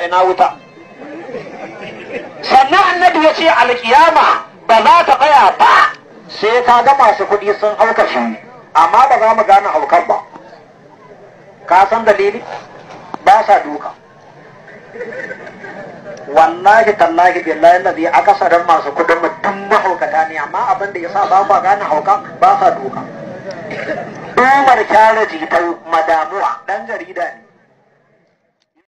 ina wuta sannan annabi ya ce alƙiyama ba za ta tsaya ba sai ka ga masu kuɗi sun auka shi amma ba za mu gane aukar ba ka san dalili ba sa duka wallahi tallahi billahi aka akasarin masu kuɗin mu mahaukata ne amma abin da ya sa ba ku gane hauka ba sa duka Umar Kyara ta Madamuwa ɗan jarida ne